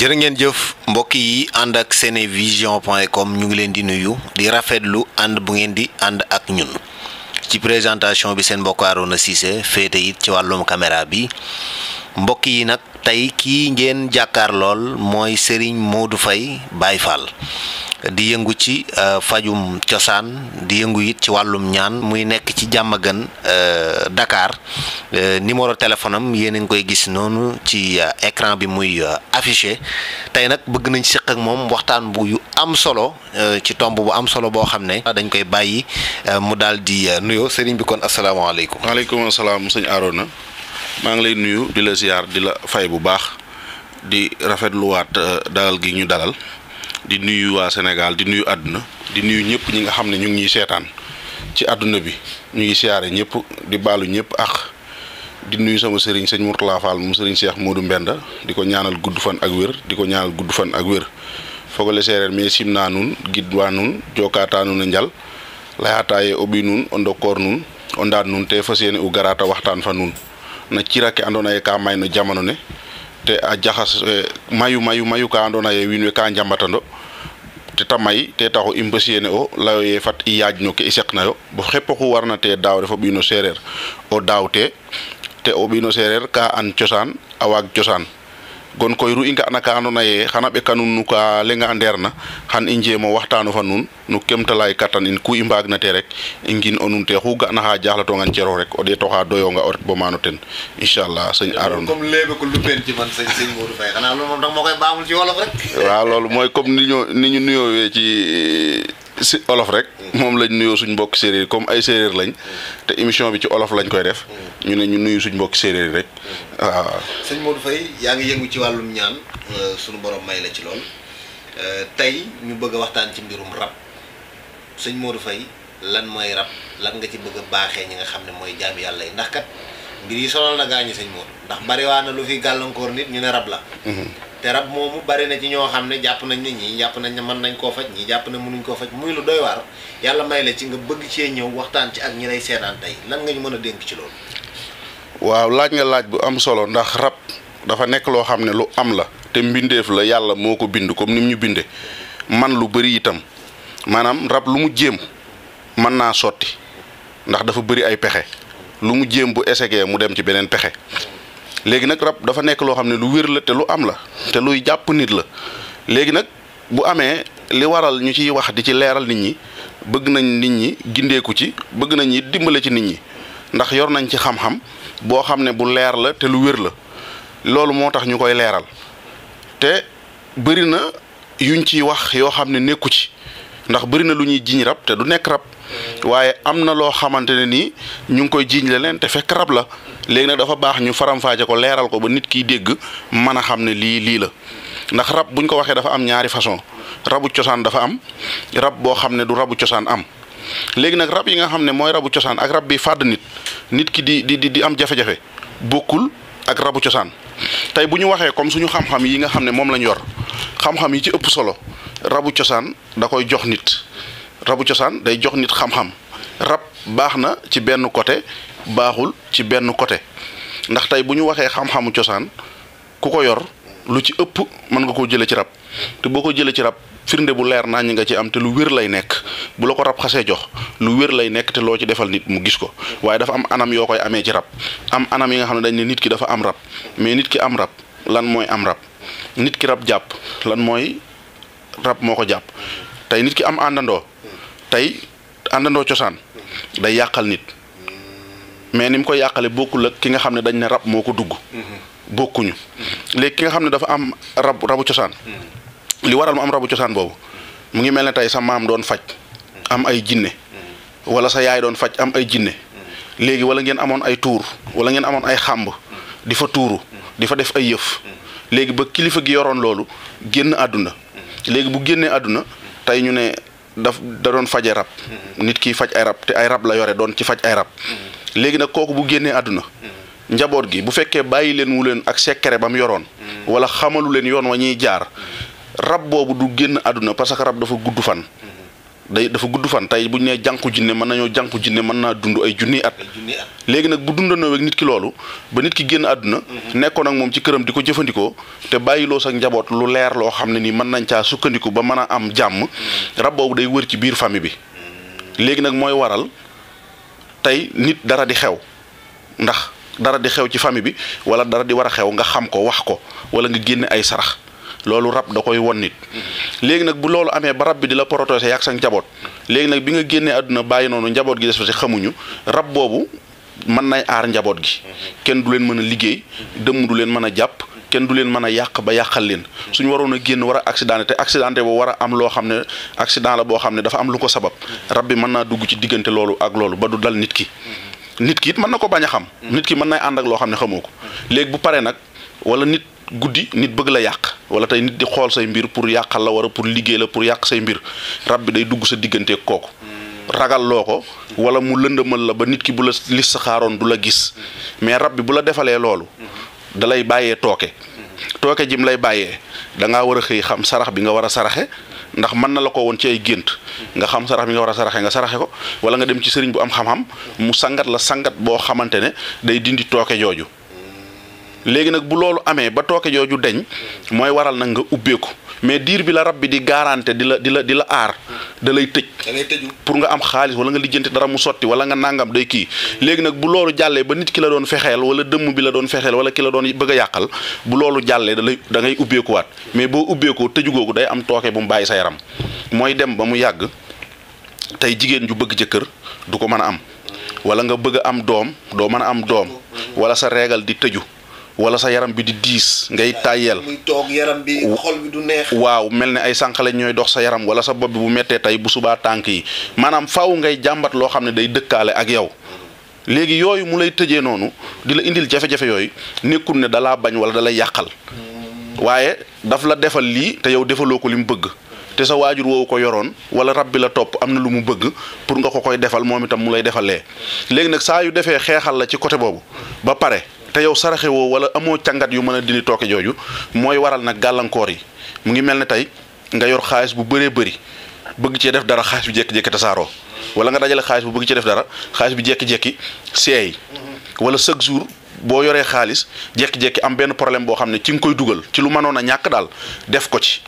jërë ngeen jëf mbokk yi ànd ak senevision point com ñu ngi leen di nuyu di rafetlu ànd bu ngeen di ànd ak ñun ci présentation bi seen mbokk na Cissé féete it ci wàllum caméra bi mbokk yi nag tey kii ngeen jàkkaar lool mooy moo du fay Baye Fall di yëngu ci euh, fajum cosaan di yëngu it ci wàllum ñaan muy nekk ci Diamaguène euh, Dakar euh, numéro téléphone am yéen a ngi koy gis noonu ci écran bi muy affiché tey nag bëgg nañ séq ak moom waxtaan bu yu am solo ci tomb bu am solo boo xam ne dañ koy bàyyi mu daal di nuyoo Serigne bi kon asalaamaaleykum. maaleykum salaam sëñ Arona. maa ngi lay nuyu di la ziar di la fay bu baax di rafetluwaat euh, dalal gi ñu dalal di nuyu waa Sénégal di nuyu àdduna di nuyu ñëpp ñi nga xam ne ñu ngi ñuy seetaan ci àdduna bi ñu ngi siyaare ñëpp di balu ñëpp ak di nuyu sama sëriñ sëñ Mourtala Fall moom sëriñ Cheikh Modou Mbenda di ko ñaanal gudd fan ak wér di ko ñaanal gudd fan ak wér fogole seereer mais sim naa nun gid waa nun jokkaataa nun a njal layaataaye obi nun ondokoor nun ondaan nun te waxtaan fa no cirake andoona yee ka mayno jamano ne te a jaxas e, mayu mayu mayu ka andoona yee wiin we ka njambatando te ta may te taxu i mbësiyene o layo ye fat i yaaj no ke i seqna yo bo xep oxu warna te daaw ref o seereer o daaw te te o ɓiin seereer ka an cosaan a waag cosaan gon koy ru i nga'na ka andoona yee xan a ɓeka nuun no ka leŋ a andeerna xan i njeem o waxtaanu fa nuun no kemtalaay kattan in ku i mbaagna te rek i ngin o nuun te xu ga'na xa jaxlatongan cerof rek o ɗeet oxa doyoonga o ret bo maano ten inchallah sëñ Aaron loolu moom danga ma mooy comme ni ñu ni ñu nuyoowee si olof rek moom lañ nuyoo suñ mbokk séeréer comme ay séeréer lañ te émission bi ci olof lañ koy def ñu ne ñu nuyu suñ mbokk séeréer rek waaw. sëñ Modou Faye yaa ngi yëngu ci wàllum ñaan euh, suñu borom may la ci lool euh, tey ñu bëgg waxtaan ci mbirum rab sëñ Modou fay lan mooy rab lan nga ci bëgg a baaxee ñi nga xam ne mooy jaami yàlla yi ndax kat. mbir yi sonal na gaañu sañ Modou ndax bariwaa na lu fi gàllankoor nit ñu ne rab la mhm. te rab moomu bari na ci ñoo xam ne jàpp nañ ne ñii jàpp nañ ne mën nañ koo faj ñii jàpp mënuñ koo faj muy lu doy waar yàlla may la ci nga bëgg cee ñëw waxtaan ci ak ñi lay seenaan tey lan nga ñu mën a dénk ci loolu waaw laaj nga laaj bu am solo ndax rab dafa nekk loo xam ne lu am la te mbindeef la yàlla moo ko bind comme ni ñu binde man lu bëri itam maanaam rab lu mu jéem mën naa sotti ndax dafa bëri ay pexe lu mu jéem bu échecgee mu dem ci beneen pexe léegi nag rab dafa nekk loo xam ne lu wér la te lu am la te luy jàpp nit la léegi nag bu amee li waral ñu ciy wax di ci leeral nit ñi bëgg nañ nit ñi gindeeku ci bëgg nañ dimbale ci nit ñi ndax yor nañ ci xam-xam boo xam ne bu leer la te lu wér la loolu moo tax ñu koy leeral te bëri na yuñ ciy wax yoo xam ne nekku ci ndax bëri na lu ñuy jiñ rab te du nekk rab waaye am na loo xamante ne ñu ngi koy jiñ la te fekk rab la léegi nag dafa baax ñu faram-faaje ko leeral ko ba nit ki dégg mën a xam ne lii lii la ndax rab buñ ko waxee dafa am ñaari façon rabu cosaan dafa am rab boo xam ne du rabu cosaan am léegi nag rab yi nga xam ne mooy rabu cosaan ak rab bi fàdd nit nit ki di di di am jafe-jafe bokkul ak rabu cosaan tey bu ñu waxee comme suñu xam-xam yi nga xam ne moom lañ yor xam-xam yi ci ëpp solo rabu cosaan da koy jox nit rabu cosaan day jox nit xam-xam rab baax na ci benn côté baaxul ci benn côté ndax tey bu ñu waxee xam-xamu cosaan ku ko yor lu ci ëpp mën nga koo jëlee ci rab te boo ko jëlee ci rab firnde bu leer naa ñi nga ci am te lu wér lay nekk bu la ko rab xasee jox lu wér lay nekk te loo ci defal nit mu gis ko waaye dafa am anam yoo koy amee ci rab am anam yi nga xam ne dañ ne nit ki dafa am rab mais nit ki am rab lan mooy am rab nit ki rab jàpp lan mooy rab moo ko jàpp tey nit ki am àndandoo tey àndandoo cosaan day yàqal nit mais ni mu koy yàqale bokkul ak ki nga xam ne dañ ne rab moo ko dugg bokkuñu léegi ki nga xam ne dafa am rab rabu cosaan li waral mu am rabu cosaan boobu mu ngi mel ne tey sa maam doon faj am ay jinne wala sa yaay doon faj am ay jinne léegi wala ngeen amoon ay tuur wala ngeen amoon ay xàmb di fa tuuru di fa def ay yëf léegi ba kilifa gi yoroon loolu génn àdduna léegi bu génnee àdduna tey ñu ne daf da doon faje rab hmm. nit kiy faj ay rab te ay rab la yore doon ci faj ay rab hmm. léegi nag kooku bu génnee àdduna hmm. njaboot gi bu fekkee bàyyi leen wu leen ak sekkere ba mu yoroon wala xamalu leen yoon wa ñuy jaar rab boobu du génn àdduna parce que rab dafa gudd fan day dafa gudd fan tey bu ñu nee jànku jinne mën nañoo jànku jinne mën naa dund ay junni at léegi nag bu dundanoo ak nit ki loolu ba nit ki génn àdduna mhm. nekkoon ak moom ci këram di ko jëfandikoo te bàyyiloo sa njaboot lu leer loo xam ne ni mën nañ caa sukkandiku ba mën a am jàmm mhm. rab boobu day wër ci biir famille bi léegi nag mooy waral tey nit dara di xew ndax dara di xew ci famille bi wala dara di war a xew nga xam ko wax ko wala nga génne ay sarax loolu rap da koy won nit léegi nag bu loolu amee ba rab bi di la protéger yàgg sa njaboot léegi nag bi nga génnee àdduna bàyyi noonu njaboot gi des fa si xamuñu rab boobu mën nay aar njaboot gi kenn du leen mën a liggéey dëmm du leen mën a jàpp kenn du leen mën a yàq ba yàqal leen suñ waroon a génn war a accidenté te accidenté boo war a am loo xam ne accident la boo xam dafa am lu ko sabab rab bi mën naa dugg ci diggante loolu ak loolu ba du dal nit ki nit ki it mën na ko bañ xam nit ki mën nay ànd ak loo xam ne xamoo bu pare nag wala nit Gudi, nit bëgg la yàq wala tey nit di xool say mbir pour yàqal la wara pour liggéey la pour yàq say mbir rab bi day dugg sa diggante kooku ragal loo ko wala mu lëndëmal la ba nit ki bu la lis sa xaaroon du la gis mais rab bi bu la defalee loolu dalay bàyyee tooke tooke jim lay bàyyee da ngaa war a xëy xam sarax bi nga war a saraxe ndax man na la ko won ci ay gént nga xam sarax bi nga war a saraxe nga saraxe ko wala nga dem ci sëriñ bu am xam-xam mu sangat la sangat boo xamante ne day dindi tooke jooju légui nag bu lolou amé ba toké joju deñ moy waral nag nga ko mais dir bi la rabbi dila di garanté di la di la da lay tejj pour nga am xaalis wala nga lijjanti dara mu soti wala nga nangam day ki légui nak bu lolou jallé ba nit ki la doon fexel wala dëmm bi la doon fexel wala ki la doon bëgg a bu lolou jallé da lay da ngay wat mais ubbé ko tejj gogou day am toké bu mu bàyyi sa yaram moy dem ba mu yagg tay jigen ju bëgg du ko mëna am wala nga bëgg am dom, do mëna am dom, wala sa régal di tëju wala sa yaram bi di diis ngay tàyyel toog yaram bi xol bi waaw mel ne ay sànqale ñooy dox sa yaram wala sa bopp bi bu méttee tey bu subaa tànk yi maanaam faw ngay jàmbat loo xam ne day dëkkaale ak yow léegi yooyu mu lay tëjee noonu di la indil jafe-jafe yooyu nekkul ne dalaa bañ wala dalay yàqal waaye daf la defal lii te yow defaloo ko li mu bëgg te sa waajur woowu ko yoroon wala rab bi la topp am na lu mu bëgg pour nga ko koy defal moom itam mu lay defalee léegi nag saa yu defee xeexal la ci côté boobu ba pare. te yow saraxe woo wala amoo càngat yu mën a dindi tooke jooju mooy waral nag gàllankoor yi mu ngi mel ne tey nga yor xaalis bu bëree bëri bëgg cee def dara xaalis bi jékki-jékki tasaaroo wala nga dajale xaalis bu bëgg cee def dara xaalis bi jékki-jékki seey wala chaque jour boo yoree xaalis jékki-jékki am benn problème boo xam ne ci nga koy dugal ci lu manoon a ñàkk daal def ko ci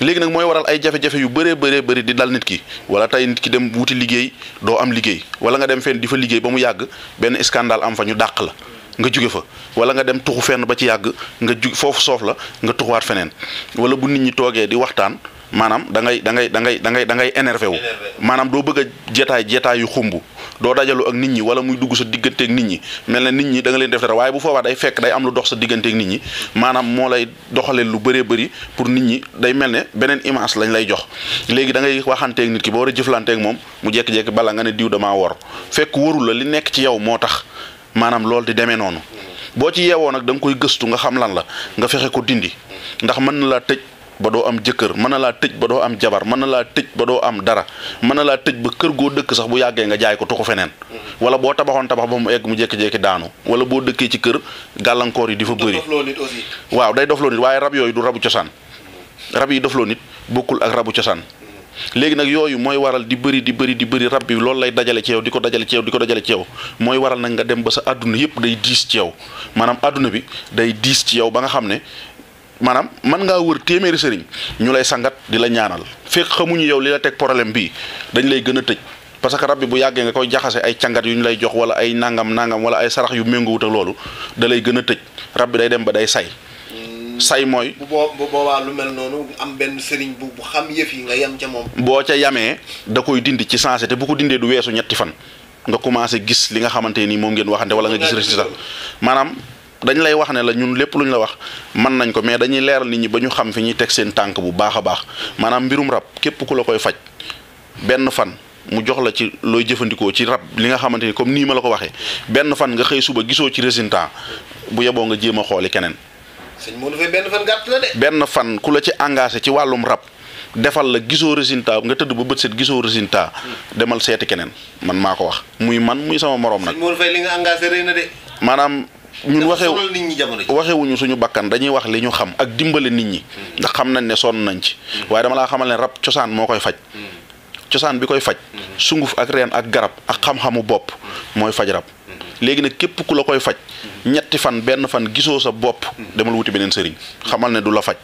léegi nag mooy waral ay jafe-jafe yu bëree bëree bëri di dal nit ki wala tey nit ki dem wuti liggéey doo am liggéey wala nga dem fenn di fa liggéey ba mu yàgg benn scandale am fa ñu dàq la nga jóge fa wala nga dem tuxu fenn ba ci yàgg nga jug foofu soof la nga tuxuwaat feneen wala bu nit ñi toogee di waxtaan manam da ngay da ngay da ngay da ngay da ngay énervé wu manam do bëgg jetaay jetaay yu xumbu do dajalu ak nit ñi wala muy dugg sa ak nit ñi melni nit ñi da nga leen def dara waye bu foobaa day fekk day am lu dox sa ak nit ñi manam mo lay doxale lu bëré bëri pour nit ñi day melni benen image lañ lay jox légui da ngay ak nit ki bo wara jëflanté ak mom mu jekk-jekk bala nga ne diiw dama wor fekk warul la li nekk ci yow motax maanaam loolu di demee noonu boo ci yeewoo nag da nga koy gëstu nga xam lan la nga fexe ko dindi ndax mën na laa tëj ba doo am jëkkër mën na laa tëj ba doo am jabar mën na laa tëj ba doo am dara mën na laa tëj ba kër goo dëkk sax bu yàggee nga jaay ko tuxu feneen wala boo tabaxoon tabax ba mu egg mu jékki-jékki daanu wala boo dëkkee ci kër gàllankoor yi di fa bëri waaw day dofloo nit waaye rab yooyu du rabu cosaan rab yi dofloo nit bokkul ak rabu cosaan léegi nak yoyu moy waral di bëri di bëri di bëri rabbi bi lay dajale ci yow di ko dajale ci yow di dajale ci yow moy waral nangga nga dem ba sa aduna yépp day diis ci yow manam aduna bi day diis ci yow ba nga ne manam man nga wër téméré sëriñ ñu lay sangat di la ñaanal fekk xamuñu yow li la tek problème bi dañ lay gëna a parce que rabbi bu yagge nga koy jaxase ay ciangat yu ñu lay jox wala ay nangam nangam wala ay sarax yu wut ak lolu da lay gëna a rabbi day dem ba day say say mooy. bu boobaa lu mel noonu am benn sëriñ bu xam yëf yi nga yem ca moom. boo ca yamee da koy dindi ci sensé te bu ko dindee du weesu ñetti fan nga commencé gis li nga xamante ni moom ngeen waxante wala nga gis résultat manaam dañ lay wax ne la ñun lépp lu ñu la wax mën nañ ko mais dañuy leeral nit ñi ba ñu xam fi ñuy teg seen tànk bu baax a baax maanaam mbirum rab képp ku la koy faj benn fan. mu jox la ci looy jëfandikoo ci rab li nga xamante ni comme nii ma la ko waxee benn fan nga xëy suba gisoo ci résultat bu yeboo nga jéem a xooli keneen sëñ Modou Faye benn fan ku la ci engagé ci wàllum rab defal la gisoo résultat nga tëdd ba bët set gisoo résultat. demal seeti keneen man maa ko wax muy man muy sama morom nag. sëñ li nga engagé rëy na de. maanaam. ñun waxee waxewuñu suñu bakkan dañuy wax li ñu xam ak dimbale nit ñi ndax xam nañ ne sonn nañ ci waaye dama laa xamal ne rab cosaan moo koy faj cosaan bi koy faj sunguf ak reen ak garab ak xam-xamu bopp mooy faj rab léegi nag képp ku la koy faj ñetti fan benn fan gisoo sa bopp demul wuti beneen sëriñ xamal ne du la faj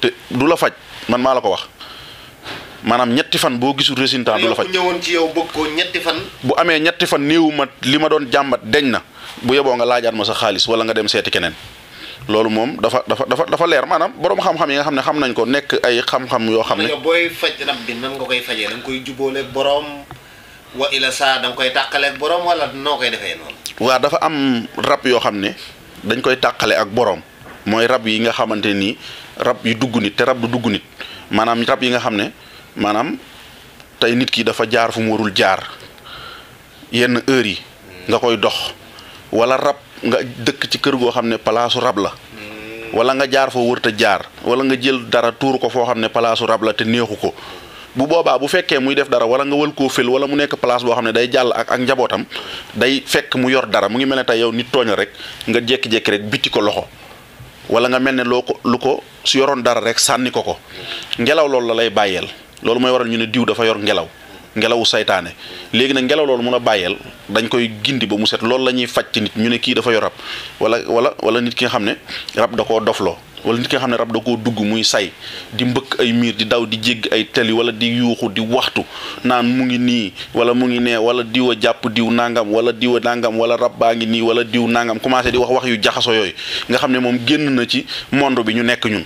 te du la faj man maa la ko wax manam ñetti fan bo gisul résultat du la faj ñewon ci yow bokko ñetti fan bu amé ñetti fan néewu ma li ma doon jambat deñ na bu yeboo nga laajaat ma sa xaalis wala nga dem seeti keneen loolu mom dafa dafa dafa dafa leer manam borom xam-xam yi nga xamne xam nañ ko nek ay xam-xam yo xamne boy booy faj rab nan nga koy fajee nan koy jubole borom waa ila saa da nga koy tàqale borom wala noo koy defee noonu. waaw dafa am rab yoo xam ne dañ koy tàqale ak borom mooy rab yi nga xamante ni rab yu dugg nit te rab du dugg nit maanaam rab yi nga xam ne maanaam tey nit ki dafa jaar fu mu warul jaar yenn heures yi nga koy dox wala rab nga dëkk ci kër goo xam ne palaasu rab la. Hmm. wala nga jaar foo wërta jaar wala nga jël dara tuur ko foo xam ne palaasu rab la te neexu ko bu boba bu fekke muy def dara wala nga wal ko fil wala mu nek place bo xamne day jall ak ak njabotam day fekk mu yor dara mu ngi melni tay yow nit tooñ rek nga jek jek rek biti ko loxo wala nga melni loko luko su yoron dara rek sanni ko ko ngelaw lol la lay bayel lol moy waral ñu ne diw dafa yor ngelaw ngelawu saytane legi nag ngelaw lol mu na bayel dañ koy gindi ba mu set lol lañuy fajj nit ñu ne ki dafa yor wala wala wala nit ki xamne rab wala nit ki xam ne rab da koo dugg muy say di mbëkk ay miir di daw di jégg ay teli wala di yuuxu di waxtu naan mu ngi nii wala mu ngi nee wala diwa jàpp diw nangam wala diwa nangam wala rab baa ngi nii wala diw nangam commencé di wax wax yu jaxaso yooyu nga xam ne moom génn na ci mondo bi ñu nekk ñun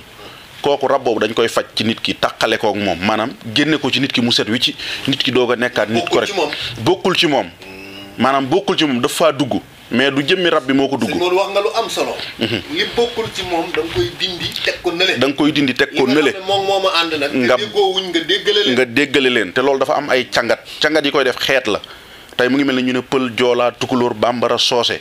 kooku rab boobu dañ koy faj ci nit ki taqale kook moom maanaam génne ko ci nit ki mu set wi ci nit ki doog a nekkaat nit ko rek bokkul ci moom maanaam bokkul ci moom dafa dugg mais du jëmmi rab bi moo ko dugg. loolu wax nga lu am solo. Mhm. li bokkul ci moom koy dindi teg ko nële. da nga koy dindi teg ko nële. moom moo ma ànd nag. nga déggoo nga déggale leen. nga déggale leen te loolu dafa am ay càngat càngat yi koy def xeet la tey mu ngi mel ne ñu ne pël joolaa tukulóor bambara soose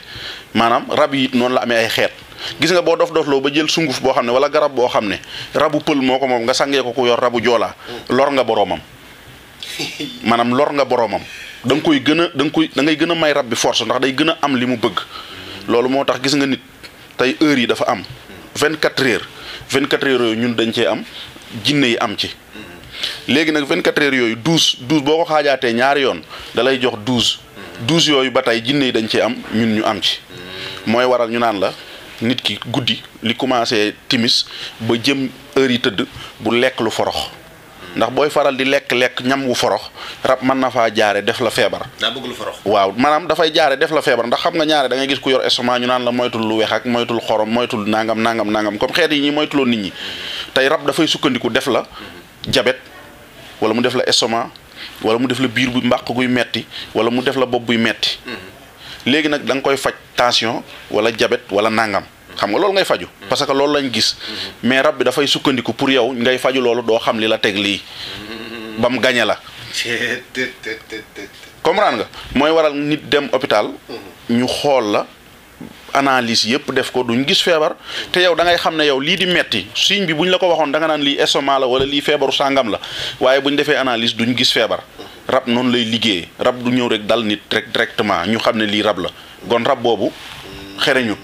maanaam rab yi noonu la amee ay xeet. gis nga boo dof dofloo ba jël sunguf boo xam ne wala garab boo xam ne rabu pël moo ko moom nga sangee ko ku yor rabu joolaa. Mm. lor nga boroomam maanaam lor nga boroomam. da nga koy gën a da koy da ngay gën a may rab bi force ndax day gën a am li mu bëgg loolu moo tax gis nga nit tey heures yi dafa am vingt quatre heures vingt quatre heures yooyu ñun dañ cee am jinne yi am ci léegi nag vingt quatre yooyu douze douze boo ko xaajaatee ñaari yoon dalay jox douze douze yooyu ba tey jinne yi dañ cee am ñun ñu am ci mooy waral ñu naan la nit ki guddi li commencé timis ba jëm heures yi tëdd bu lekk lu forox ndax booy faral di lekk-lekk ñam wu forox rab mën na faa jaare def la feebar daa bëgg forox waaw maanaam dafay jaare def la feebar ndax xam nga ñaare da ngay gis ku yor estomac ñu naan la moytu lu wex ak moytul xorom moytul nangam nangam nangam comme xeet yi ñi moytuloo nit ñi tey rab dafay sukkandiku def la jabet wala mu def la estomac wala mu def la biir bu mbàq guy metti wala mu def la bopp buy metti mm-hmm. léegi nag da nga koy faj tension wala jabet wala nangam xam nga loolu ngay faju mm-hmm. parce que loolu lañ gis mm-hmm. mais rab bi dafay sukkandiku pour yow ngay faju loolu doo xam li la teg lii mm-hmm. bam gagné la comprendre nga mooy waral nit dem hôpital ñu xool la analyse yëpp def ko duñ gis feebar te yow da ngay xam ne yow lii di metti suñ bi buñ la ko waxoon da nga naan lii estomac la wala lii feebaru sàngam la waaye buñ defee analyse duñ gis feebar rab noonu lay liggéeyee rab du ñëw rek dal nit rek directement ñu xam ne lii rab la gon rab boobu xereñut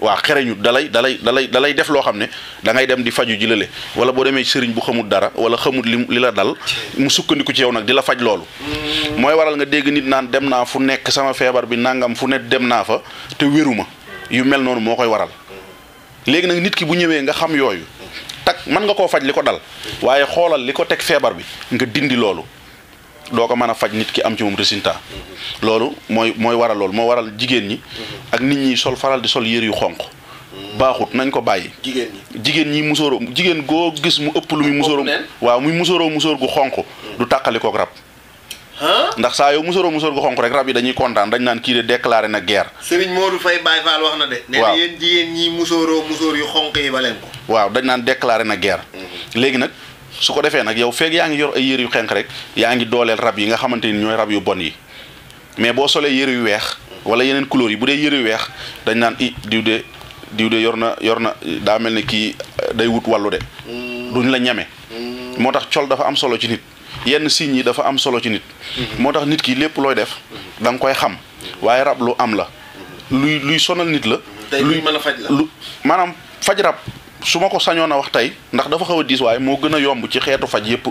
waaw xereñu dalay dalay dalay dalay def loo xam ne da ngay dem di faju ji lale wala boo demee sëriñ bu xamul dara wala xamul li li la dal mu sukkandiku ci yow nag di la faj loolu mm. mooy waral nga dégg nit naan dem naa fu nekk sama feebar bi nangam fu ne dem naa fa te ma yu mel noonu moo koy waral léegi nag nit ki bu ñëwee nga xam yooyu tak mën nga koo faj li ko dal waaye xoolal li ko teg feebar bi nga dindi loolu doo ko mën a faj nit ki am ci moom résultat loolu mooy mooy waral loolu moo waral jigéen ñi ak nit ñi sol faral di sol yére yu xonq baaxut nañ ko bàyyi. jigéen ñi jigéen ñi musóoroo jigéen goo gis mu ëpp lu muy musóoroo waaw muy musóoroo musóor gu xonq du tàqali kook rab ndax saa yow musóoroo musóor gu xonq rek rab yi dañuy kontaan dañ naan kii de déclaré na guerre Serigne Modou Faye Baye Fall wax na de nee na musóoroo musóor yu xonq yi ba ko waaw dañ naan déclaré na guerre mhm. léegi nag su ko defee nag yow feeg yaa ngi yor ay yére yu xenq rek yaa ngi dooleel rab yi nga xamante ni ñooy rab yu bon yi mais boo solee yére yu weex wala yeneen couleur yi bu dee yére yu weex dañ naan i diw de yor na yor na daa mel ne kii euh, day wut wàllu de mm. duñ la ñeme mm. moo tax col dafa am solo ci nit yenn signes yi dafa am solo ci nit mm-hmm. moo tax nit ki lépp looy def mm-hmm. da nga koy xam mm-hmm. waaye rab lu am la luy luy sonal nit la luy mën a faj la lu maanaam faj rab su ma ko sañoon a wax tey ndax dafa xaw a diis waaye moo gën a yomb ci xeetu faj yëpp.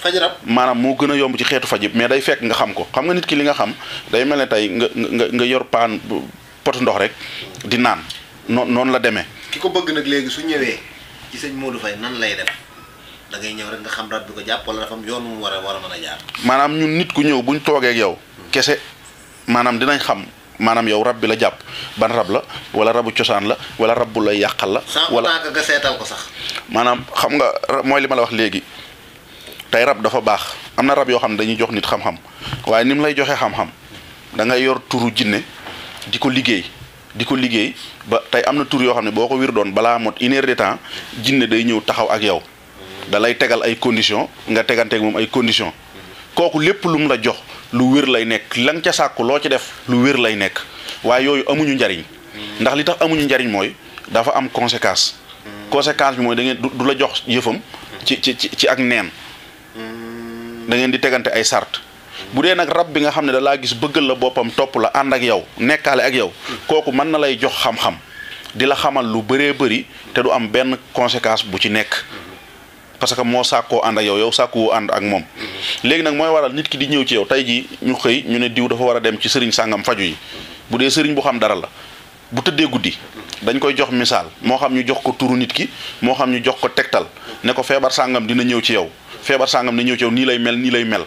faj rab maanaam moo gën a yomb ci xeetu faj yëpp mais day fekk nga xam ko xam nga nit ki li nga xam day mel ne tey nga nga nga yor paan pot ndox rek di naan noonu noonu la demee. ki ko bëgg nag léegi su ñëwee ci sëñ Modou Faye nan lay def da ngay ñëw rek nga xam rab bi ko jàpp wala am yoon mu war war a mën a jaar. maanaam ñun nit ku ñëw buñ toogee ak yow. Hmm. kese maanaam dinañ xam. manam yow rabbi la japp ban rab la wala rabu ciosan la wala rab la yakal la. wala nga setal ko sax. manam xam nga moy li la wax legi tay rab dafa bax amna rab yo xam dañuy jox nit xam-xam waye nim lay joxe xam-xam da nga yor turu jinne diko liggey diko liggey ba tay amna tur yo xamne boko wir don bala mot une heure de temps jinne day ñew taxaw ak yow dalay tegal ay condition nga ak mom ay condition kooku lépp lum la jox lu wër lay nek lan ca sakku lo ci def lu wër lay nek waaye yoyu amuñu njariñ ndax li tax amuñu njariñ moy dafa am conséquence conséquence bi moy da ngeen du la jox yeufam ci ci ci ak neen da ngeen di tégante ay sart bu dee nak rab bi nga xam da la gis bëggal la bopam top la and ak yow nekkale ak yow koku man na lay jox xam-xam di la xamal lu bëré bëri té du am ben conséquence bu ci nek parce que moo sàkkoo ànd ak yow yow sàkkuwoo ànd ak moom léegi nag mooy waral nit ki di ñëw ci yow tey ji ñu xëy ñu ne diw dafa war a dem ci sëriñ sàngam faju yi bu dee sëriñ bu xam dara la bu tëddee guddi dañ koy jox misaal moo xam ñu jox ko turu nit ki moo xam ñu jox ko tegtal ne ko feebar sàngam dina ñëw ci yow feebar sàngam na ñëw ci yow nii lay mel nii lay mel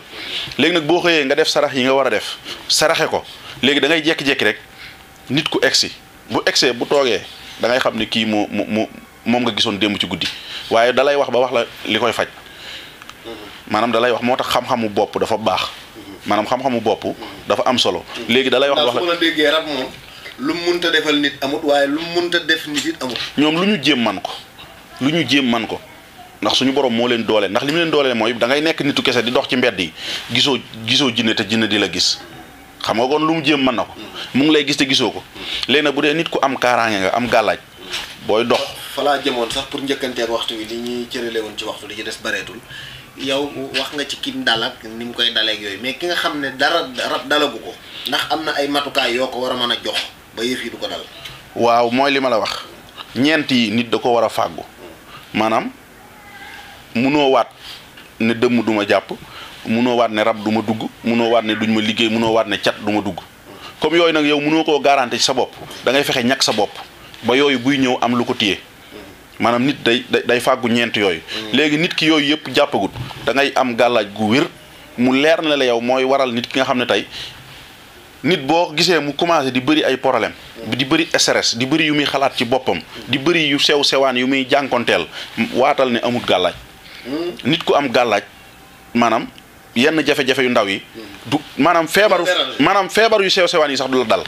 léegi nag boo xëyee nga def sarax yi nga war a def saraxe ko léegi da ngay jekki-jekki rek nit ku egsi bu egsee bu toogee da ngay xam ne kii moo moo moom nga gisoon démb ci guddi waaye dalay wax ba wax la li koy faj mm-hmm. maanaam dalay wax moo tax xam-xamu bopp dafa baax mm-hmm. maanaam xam-xamu bopp mm-hmm. dafa am solo léegi dalay wax wax la déggee rab moom lu mu mënta defal nit amut waaye lu mu mënta def nit ñoom lu ñu jéem man ko lu ñu jéem man ko ndax suñu borom moo leen doole ndax li mu leen doole mooy da nekk nitu kese di dox ci mbedd yi gisoo gisoo jinne te jinne di la gis xam nga kon lu mu jéem mën na ko mu ngi lay gis te gisoo ko léegi nag bu dee nit ku am kaaraange nga am gàllaaj booy dox fala jëmoon sax pour ak waxtu wi li ñi cërélé won ci waxtu li ci dess barétul yow wax nga ci kim dal ak nim mu koy daleeg yooyu mais ki nga xamné ne dara rap dalagu ko ndax amna na ay matuka yo ko wara mëna jox ba yëf du ko dal waaw moy li mala wax ñent yi nit da ko wara a manam mëno wat ne dëmm duma jàpp munoo waat ne rap du dugg mëno wat ne duñ ma liggéey mëno wat ne chat du dugg comme yoy nag yow mëno ko garantie ci sa bop da ngay fexé ñak sa bop ba yoy buy ñew am lu ko maanaam nit day day fàggu ñeent yooyu. Mm. léegi nit ki yooyu yëpp jàppagut da am gàllaaj gu wér mu leer na la yow mooy waral nit ki nga xam ne tey nit boo gisee mu commencé di bëri ay problème mm. di bëri stress di bëri yu muy xalaat ci boppam. Mm. di bëri yu sew sewaan yu muy jànkonteel waatal ne amut gàllaaj nit ku am gàllaaj maanaam yenn jafe-jafe yu ndaw yi. du maanaam feebaru maanaam feebar yu sew sewaan yi sax du la dal.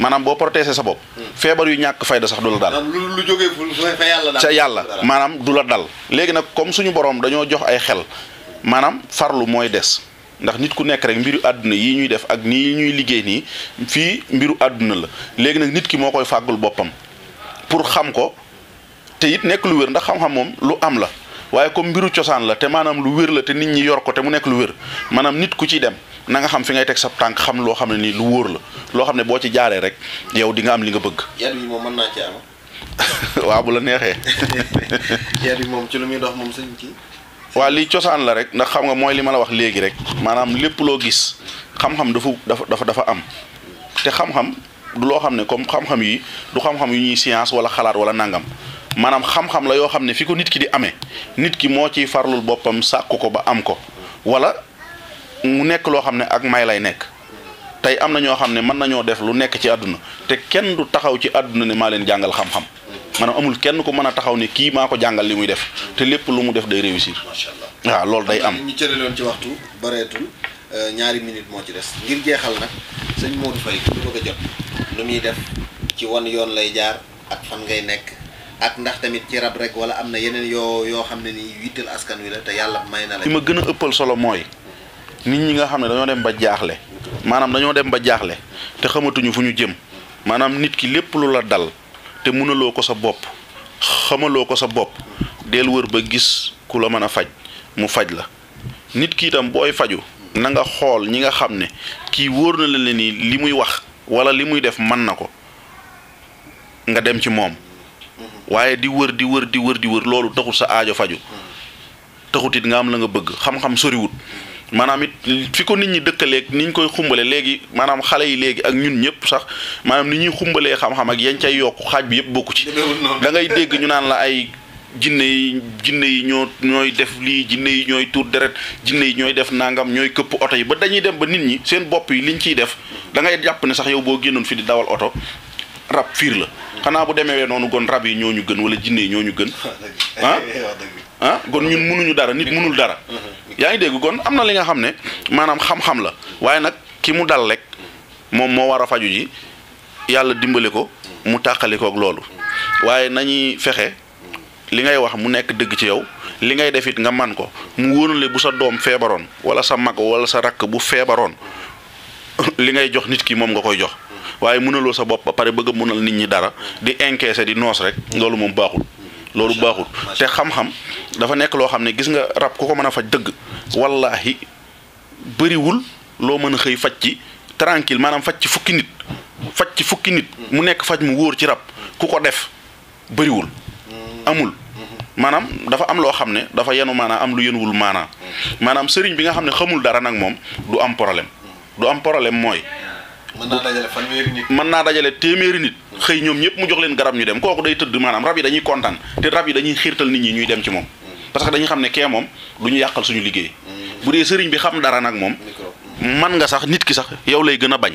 manam bo protesté sa bop hmm. feebar yu ñak fayda sax du dal. lu fu fa yàlla daal. ca yàlla maanaam du dal. légui nak comme suñu borom dañu jox ay xel manam farlu moy des ndax nit ku nek rek mbiru aduna yi ñuy def ak ni ñuy liggé ni fi mbiru aduna la légui nak nit ki mo koy fagul bopam pour xam ko te it nek lu wër ndax xam-xam mom lu am la waaye comme mbiru cosaan la te maanaam lu wér la te nit ñi yor ko te mu nekk lu wér maanaam nit ku ci dem na nga xam fi ngay teg sa tànk xam loo xam ne lu wóor la loo xam ne ci jaaree rek yow di nga am li nga bëgg. yan yi moom mën naa ci am. waaw bu la neexee. yan yi moom ci lu muy dox moom sëñ kii. waa lii cosaan la rek ndax xam nga mooy li ma wax léegi rek maanaam lépp loo gis xam-xam dafa dafa dafa am te xam-xam du loo xam ne comme xam-xam yi du xam-xam yu ñuy science wala xalaat wala nangam. maanaam xam-xam la yoo xam ne fi ko nit ki di amee nit ki moo ciy farlul boppam sàkku ko ba am ko walla mu nekk loo xam ne ak may lay nekk tey am na ñoo xam ne mën nañoo def lu nekk ci àdduna te kenn du taxaw ci àdduna ne maa leen jàngal xam-xam maanaam amul kenn ku mën a taxaw ne kii maa ko jàngal li muy def te lépp lu mu def day réussir. macha allah waaw loolu day am. ñu cëraloon ci waxtu bareetul euh, ñaari minute moo ci des ngir jeexal nag sëñ Modou Faye a jot lu muy def ci wan yoon lay jaar ak fan ngay nekk. ak ndax tamit ci rab rek wala amna yenen yeneen yo yoo xam ni yittal askan wi la te yalla may na la. li ma gën ëppal solo moy nit ñi nga xamne dañoo dem ba jaaxle manam dañoo dem ba jaaxle te xamatuñu jëm manam nit ki lepp lu la dal te munaloo ko sa bopp xamaloo ko sa bopp del wër ba gis ku la mën a faj mu faj la nit ki itam booy faju na nga xool ñi nga xam ne kii na la ni li wax wala li muy def mën na ko nga dem ci moom waaye di wër di wër di wër di wër loolu taxul sa aajo faju taxut it nga am la nga bëgg xam-xam soriwut maanaam it fi ko nit ñi dëkkaleek ni ñu koy xumbale léegi maanaam xale yi léegi ak ñun ñëpp sax maanaam ni ñuy xumbalee xam-xam ak yañ cay yokk xaaj bi yëpp bokku ci da ngay dégg ñu naan la ay jinne yi jinne yi ñoo ñooy def lii jinne yi ñooy tuur deret jinne yi ñooy def nangam ñooy këpp oto yi ba dañuy dem ba nit ñi seen bopp yi liñ ciy def dangay jàpp ne sax yow boo génnoon fi di dawal oto rab fiir la xanaa bu demee noonu gon rab yi ñoo ñu gën wala jinne yi ñoo ñu gën ah? ah gon ñun mënuñu dara nit mënul dara mm-hmm. yaa ngi dégg gon am na li nga xam ne maanaam xam-xam la waaye nag ki mu dal rek moom moo war a faju yi yàlla dimbali ko mu tàqali ko ak loolu waaye nañuy fexe li ngay wax mu nekk dëgg ci yow li ngay def it nga man ko mu wóorale bu sa doom feebaroon wala sa mag wala sa rakk bu feebaroon li ngay jox nit ki moom nga koy jox waaye mënaloo sa bopp pare bëgg mënal nit ñi dara di encaisser di noos rek loolu moom baaxul loolu baaxul te xam-xam dafa nekk loo xam ne gis nga rab ku ko mën a faj dëgg wallahi bëriwul loo mën a xëy faj ci tranquille maanaam faj ci fukki nit faj ci fukki nit mu nekk faj mu wóor ci rab ku ko def bëriwul amul maanaam dafa am loo xam ne dafa yenu maanaa am lu yenuwul maanaa maanaam sëriñ bi nga xam ne xamul dara nag moom du am problème du am problème mooy mën naa dajale fanweeri mën naa dajale téeméeri nit. xëy ñoom ñëpp mu jox leen garab ñu dem kooku day tëdd maanaam rab yi dañuy kontaan te rab yi dañuy xiirtal nit ñi ñuy dem ci moom. parce que dañuy xam ne kee moom du ñu yàqal suñu liggéey. Mm. bu dee sëriñ bi xam dara nag moom. man nga sax nit ki sax yow lay gën a bañ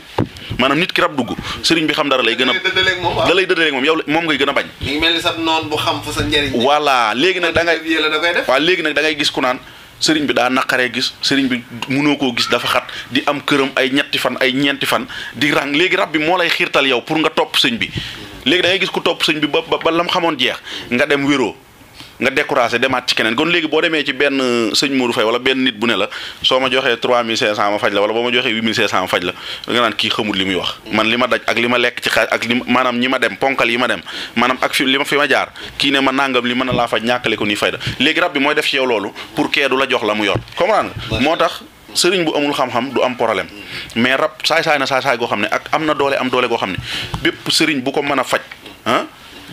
maanaam nit ki rab dugg sëriñ bi xam dara lay gën a da lay dëddaleeg moom yow moom ngay gën a bañ mi ngi mel ni sa noon xam fa sa njëriñ léegi nag da ngay waaw léegi nag da gis ku naan sëriñ bi daa naqaree gis sëriñ bi munoo koo gis dafa xat di am këram ay ñetti fan ay ñeenti fan di ràng léegi rab bi moo lay xiirtal yow pour nga topp sëñ bi léegi da gis ku topp sëñ bi ba ba lam xamoon jeex nga dem wéroo nga décourager demaat ci keneen kon léegi boo demee ci benn euh, sëñ Modou fay wala benn nit bu ne la soo ma joxee 3500 ma faj la wala boo ma joxee 8500 ma faj la nga naan kii xamul li muy wax man li ma daj ak li ma lekk ci xaaj ak li maanaam ñi ma dem ponkal yi dem maanaam ak fi li ma fi ma jaar kii ne ma nangam li mën na laa faj ñàkkale ko nii fayda léegi rab bi mooy def ci yow loolu pour kee du la jox la mu yor comprendre nga moo tax bu amul xam-xam du am problème mais rab saay-saay na saay-saay goo xam ne ak am na am doole goo xam ne bépp sëriñ bu ko mën a ah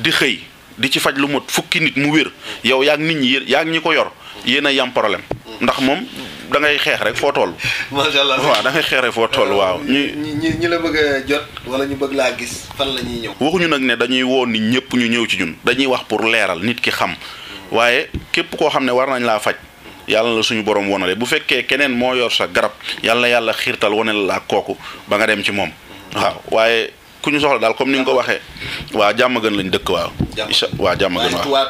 di xëy di ci faj lu mot fukki nit mu wër yow yaak nit ñi yaak ñi ko yor yena yam problème ndax mom da ngay xex rek fo toll. sha allah wa da ngay xex rek fo toll wa ñi ñi la bëgg jot wala ñu bëgg la gis fan la ñuy ñëw. ñu nak ne dañuy wo nit ñepp ñu ñëw ci ñun dañuy wax pour léral nit ki xam waye képp ko xamne ne war nañ la faj. yalla la suñu borom wonale bu fekke keneen mo yor sa garab yalla yalla xirtal wonel la koku ba nga dem ci mom waaye ku ñu soxla dal comme ni nga ko waaw jàmm gën lañ dëkk waaw. waaw jàmm gën waaw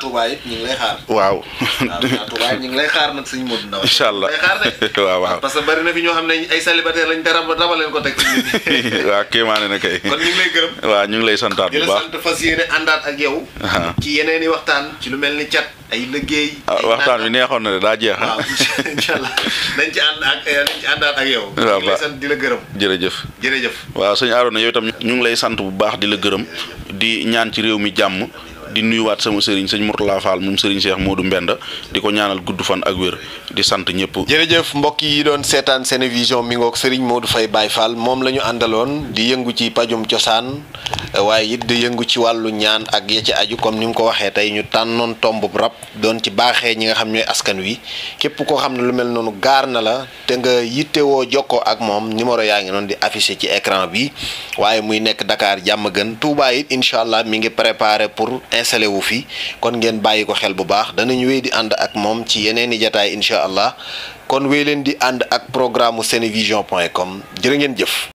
ñu ngi waaw. ñu ngi lay xaar nag suñu Modou Ndaw. allah waaw waaw parce que bari na fi ñoo xam ne ay célibataire lañ te rabal leen ko teg ci waaw kéemaane na kay. kon ñu lay gërëm. waaw ñu ngi lay santaat bu baax di la sant fas ak yow. ci yeneen i waxtaan ci lu mel ni cat. ay liggéey. Ah, waxtaan bi neexoon na de daa jeex. waaw incha allah nañ eh, ak yow. di la gërëm. jërëjëf jërëjëf. waaw sëñ Arona yow itam ñu ngi lay sant bu baax di la gërëm di ñaan ci réew mi jàmm di nuyuwaat sama sëriñ sëñ Mourtala Fall moom sëriñ Cheikh Modou Mbenda di ko ñaanal gudd fan ak wér di sant ñëpp. jërëjëf mbokk yi doon seetaan vision mi ngoog sëriñ Modou fay Baye Fall moom la ñu àndaloon di yëngu ci pajum cosaan waaye it di yëngu ci wàllu ñaan ak ya ci aju comme ni mu ko waxee tey ñu tànnoon tombub rab doon ci baaxee ñi nga xam ñooy askan wi képp ko xam ne lu mel noonu gaar na la te nga yittewoo jokkoo ak moom numéro yaa ngi noonu di affiché ci écran bi waaye muy nekk Dakar jàmm gën Touba it incha allah mi ngi préparé pour installé wu fi kon ngeen bàyyi ko xel bu baax danañ wéy di ànd ak moom ci yeneen i jataay incha allah kon wéy leen di ànd ak programme senevision point com jër ngeen jëf.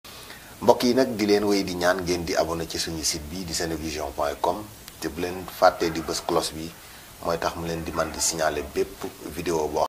mbokk yi nag di leen wéy di ñaan ngeen di abonné ci suñu sit bi di senevision point com te bu leen fàttee di bës close bi mooy tax mu leen di man di signaler bépp vidéo boo